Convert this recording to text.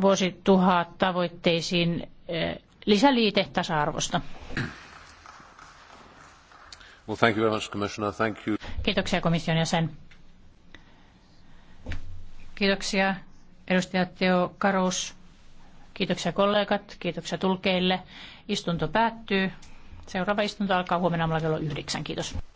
vuosituhat tavoitteisiin eh, lisäliite tasa-arvosta. Well, thank you very much, Commissioner. Thank you. Kiitoksia komission jäsen. Kiitoksia edustaja Teo Karus. Kiitoksia kollegat, kiitoksia tulkeille. Istunto päättyy. Seuraava istunto alkaa huomenna kello yhdeksän. Kiitos.